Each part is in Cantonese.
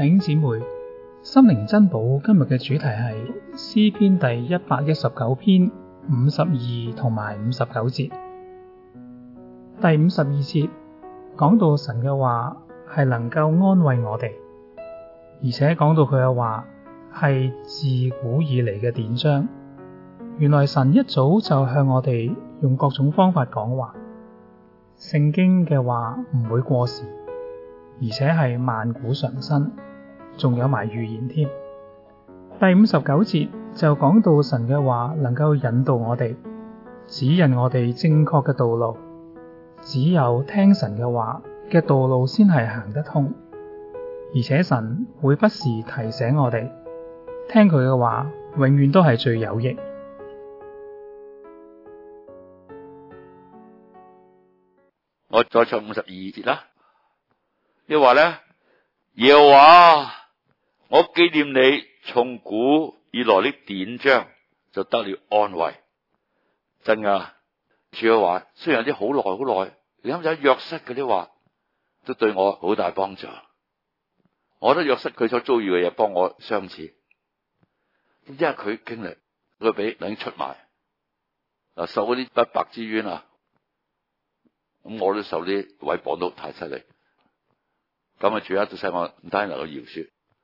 弟兄姊妹，心靈珍寶今日嘅主題係詩篇第一百一十九篇五十二同埋五十九節。第五十二節講到神嘅話係能夠安慰我哋，而且講到佢嘅話係自古以嚟嘅典章。原來神一早就向我哋用各種方法講話，聖經嘅話唔會過時，而且係萬古常新。仲有埋預言添。第五十九節就講到神嘅話能夠引導我哋，指引我哋正確嘅道路。只有聽神嘅話嘅道路先係行得通，而且神會不時提醒我哋聽佢嘅話，永遠都係最有益。我再唱五十二節啦，要話咧要話！我記念你從古以來的典章，就得了安慰。真㗎！啊，主嘅話雖然有啲好耐好耐，你諗下約瑟嗰啲話，都對我好大幫助。我覺得約瑟佢所遭遇嘅嘢，幫我相似。點知係佢經歷佢俾人出賣，嗱受嗰啲不白之冤啊！咁我都受啲位綁到太犀利，咁啊住喺細我唔單能夠饒恕。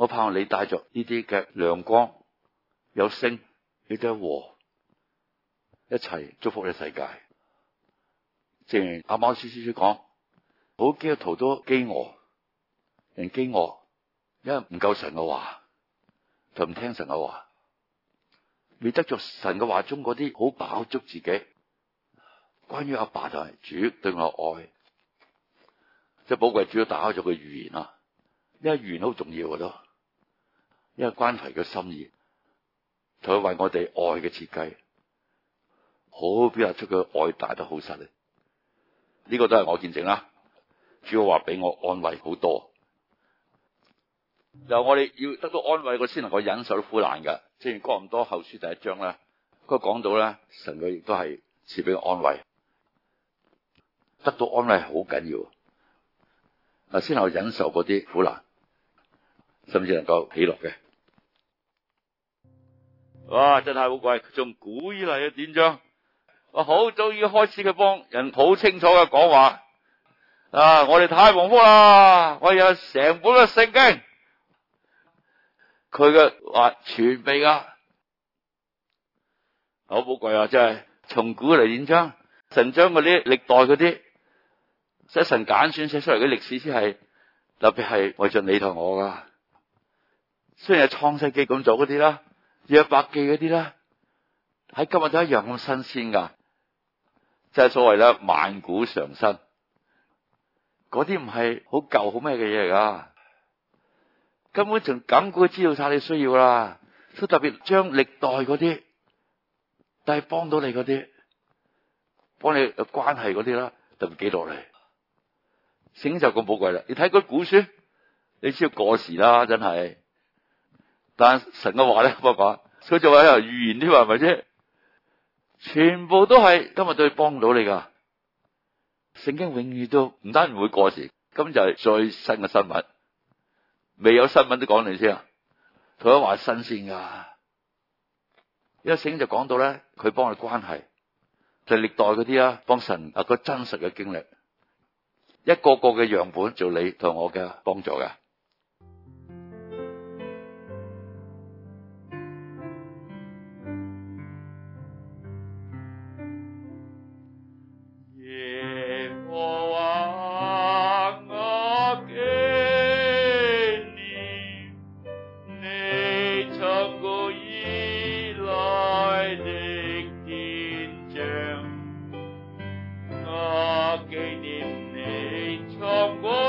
我盼望你帶着呢啲嘅亮光，有星，你都有啲和，一齊祝福你世界。正如啱啱少少少講，好基督徒都饑餓，人饑餓，因為唔夠神嘅話，就唔聽神嘅話，未得著神嘅話中嗰啲好飽足自己。關於阿爸同埋主對我愛，即係寶貴主要打開咗個預言啦，因為預言好重要嘅囉。因為關係嘅心意，同埋為我哋愛嘅設計，好表達出佢愛大得好實力。呢、這個都係我見證啦，主要話俾我安慰好多。就我哋要得到安慰，我先能夠忍受苦難噶。正如哥林多後書第一章咧，佢講到咧，神佢亦都係賜俾個安慰，得到安慰好緊要啊，先能夠忍受嗰啲苦難，甚至能夠喜樂嘅。哇！真係好寶貴，從古以嚟嘅典章，我好早已經開始佢幫人好清楚嘅講話啊！我哋太蒙福啦！我有成本嘅聖經，佢嘅話全備噶，好寶貴啊！真係從古嚟典章，神將嗰啲歷代嗰啲，即神揀選寫出嚟嘅歷史先係，特別係為咗你同我噶，雖然係創世記咁早嗰啲啦。約伯記嗰啲咧，喺今日都一樣咁新鮮噶，即係所謂咧萬古常新。嗰啲唔係好舊好咩嘅嘢嚟噶，根本就咁估都知道晒你需要啦。都特別將歷代嗰啲，但係幫到你嗰啲，幫你關係嗰啲啦，就記落嚟。醒就咁寶貴啦，你睇嗰啲古書，你知要過時啦，真係。但神嘅話咧，爸爸是不講佢就話預言添，係咪啫？全部都係今日都會幫到你噶。聖經永遠都唔單唔會過時，今日係最新嘅新聞。未有新聞都講你先，佢都話新鮮噶。一醒就講到咧，佢幫你關係就係歷代嗰啲啦，幫神啊個真實嘅經歷，一個個嘅樣本做你同我嘅幫助嘅。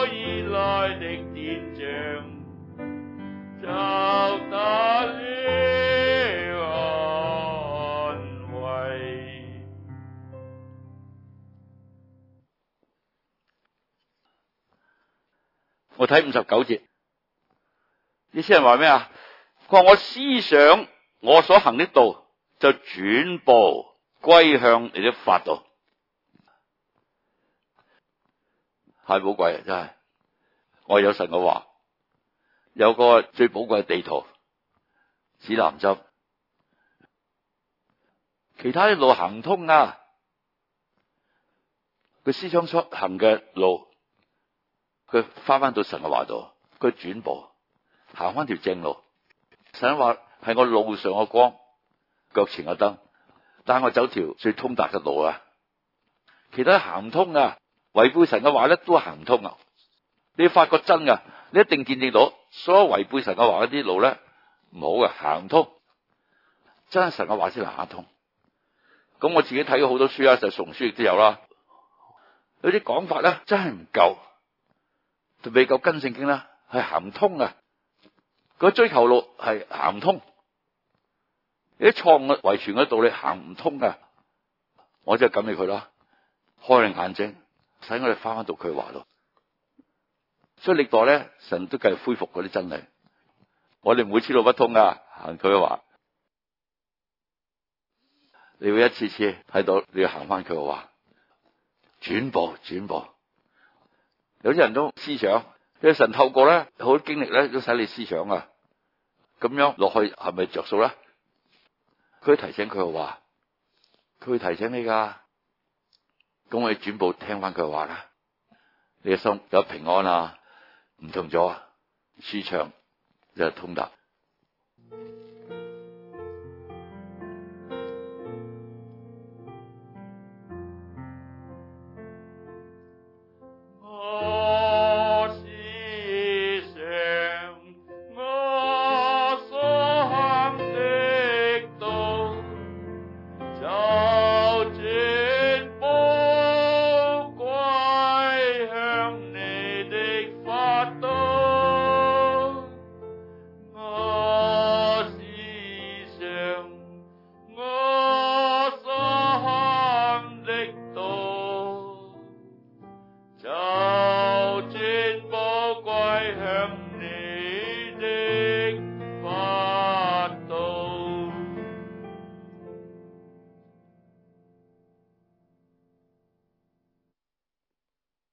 我以來的典章，就得了安慰。我睇五十九節，啲先人話咩啊？佢話我思想，我所行的道，就轉步歸向你的法度。太寶貴啊！真係，我有神嘅話，有個最寶貴嘅地圖，指南針，其他啲路行唔通啊！佢思想出行嘅路，佢翻翻到神嘅話度，佢轉步，行翻條正路。神話係我路上嘅光，腳前嘅燈，帶我走條最通達嘅路啊！其他行唔通啊！違背神嘅話咧，都行唔通啊！你發覺真噶，你一定見證到，所有違背神嘅話嗰啲路咧唔好嘅，行唔通。真係神嘅話先行得通。咁我自己睇咗好多書啊，就崇、是、書亦都有啦。有啲講法咧，真係唔夠，都未夠跟聖經啦，係行唔通啊！個追求路係行唔通，啲錯誤遺傳嘅道理行唔通啊！我即係咁俾佢啦，開你眼睛。使我哋翻翻讀佢話咯，所以歷代咧神都繼續恢復嗰啲真理，我哋唔會知道不通噶，行佢話，你要一次次睇到你要行翻佢話，轉步轉步，有啲人都思想，因為神透過咧好多經歷咧都使你思想啊，咁樣落去係咪着數咧？佢提醒佢又話，佢會提醒你噶。咁我哋轉步聽翻句話啦，你嘅心有平安啊，唔同咗，舒暢又通達。